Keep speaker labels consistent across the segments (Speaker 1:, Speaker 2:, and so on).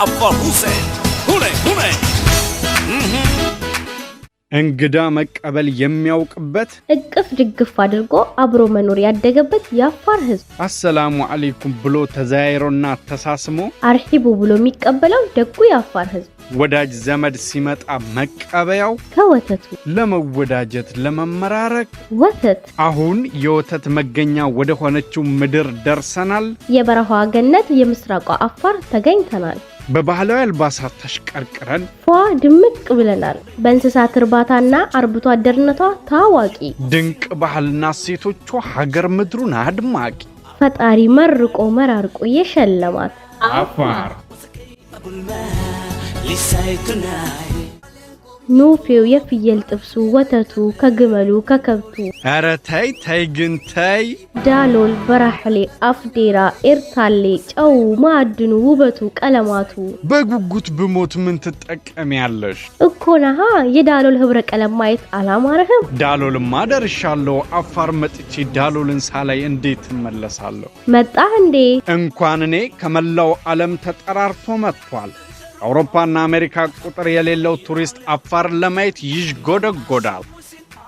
Speaker 1: ሁኔ ሁኔ እንግዳ መቀበል የሚያውቅበት
Speaker 2: እቅፍ ድግፍ አድርጎ አብሮ መኖር ያደገበት የአፋር ሕዝብ
Speaker 1: አሰላሙ አሌይኩም ብሎ ተዘያይሮና ተሳስሞ
Speaker 2: አርሂቡ ብሎ የሚቀበለው ደጉ የአፋር ሕዝብ
Speaker 1: ወዳጅ ዘመድ ሲመጣ መቀበያው ከወተቱ ለመወዳጀት ለመመራረቅ ወተት። አሁን የወተት መገኛ ወደ ሆነችው ምድር ደርሰናል።
Speaker 2: የበረሃ ገነት የምስራቋ አፋር ተገኝተናል።
Speaker 1: በባህላዊ አልባሳት ተሽቀርቅረን
Speaker 2: ፏ ድምቅ ብለናል። በእንስሳት እርባታና አርብቶ አደርነቷ ታዋቂ
Speaker 1: ድንቅ ባህልና ሴቶቿ ሀገር ምድሩን አድማቂ
Speaker 2: ፈጣሪ መርቆ መራርቆ የሸለማት አፋር ኑፌው የፍየል ጥብሱ፣ ወተቱ ከግመሉ ከከብቱ።
Speaker 1: ኧረ ተይ ተይ ግን ተይ።
Speaker 2: ዳሎል፣ በራህሌ፣ አፍዴራ፣ ኤርታሌ ጨው ማዕድኑ ውበቱ ቀለማቱ።
Speaker 1: በጉጉት ብሞት ምን ትጠቀሚያለሽ?
Speaker 2: እኮ ነሃ የዳሎል ህብረ ቀለም ማየት አላማረህም?
Speaker 1: ዳሎልማ ደርሻለሁ። አፋር መጥቼ ዳሎልን ሳላይ እንዴት እመለሳለሁ?
Speaker 2: መጣህ እንዴ?
Speaker 1: እንኳን እኔ ከመላው ዓለም ተጠራርቶ መጥቷል። አውሮፓና አሜሪካ ቁጥር የሌለው ቱሪስት አፋር ለማየት ይዥጎደጎዳል።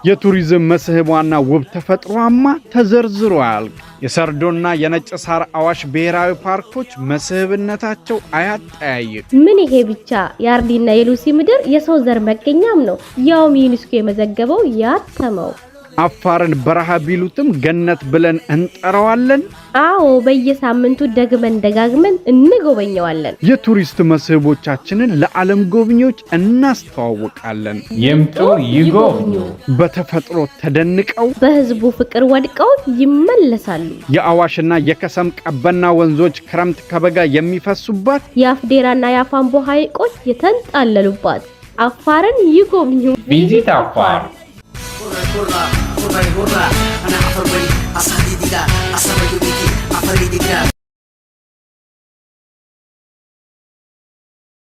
Speaker 1: የቱሪዝም መስህቧና ውብ ተፈጥሮማ ተዘርዝሯል። የሰርዶና የነጭ ሳር አዋሽ ብሔራዊ ፓርኮች መስህብነታቸው አያጠያይቅ።
Speaker 2: ምን ይሄ ብቻ! የአርዲና የሉሲ ምድር የሰው ዘር መገኛም ነው፣ ያውም ዩኒስኮ የመዘገበው ያተመው
Speaker 1: አፋርን በረሃ ቢሉትም ገነት ብለን እንጠራዋለን።
Speaker 2: አዎ በየሳምንቱ ደግመን ደጋግመን እንጎበኘዋለን።
Speaker 1: የቱሪስት መስህቦቻችንን ለዓለም ጎብኚዎች እናስተዋውቃለን። ይምጡ ይጎብኙ። በተፈጥሮ ተደንቀው
Speaker 2: በህዝቡ ፍቅር ወድቀው ይመለሳሉ።
Speaker 1: የአዋሽና የከሰም ቀበና ወንዞች ክረምት ከበጋ የሚፈሱባት፣
Speaker 2: የአፍዴራና የአፋንቦ ሐይቆች የተንጣለሉባት አፋርን ይጎብኙ።
Speaker 1: ቪዚት አፋር kurra kurra kurra kurra ana afar bari asadi dida asaba yubiki afari dida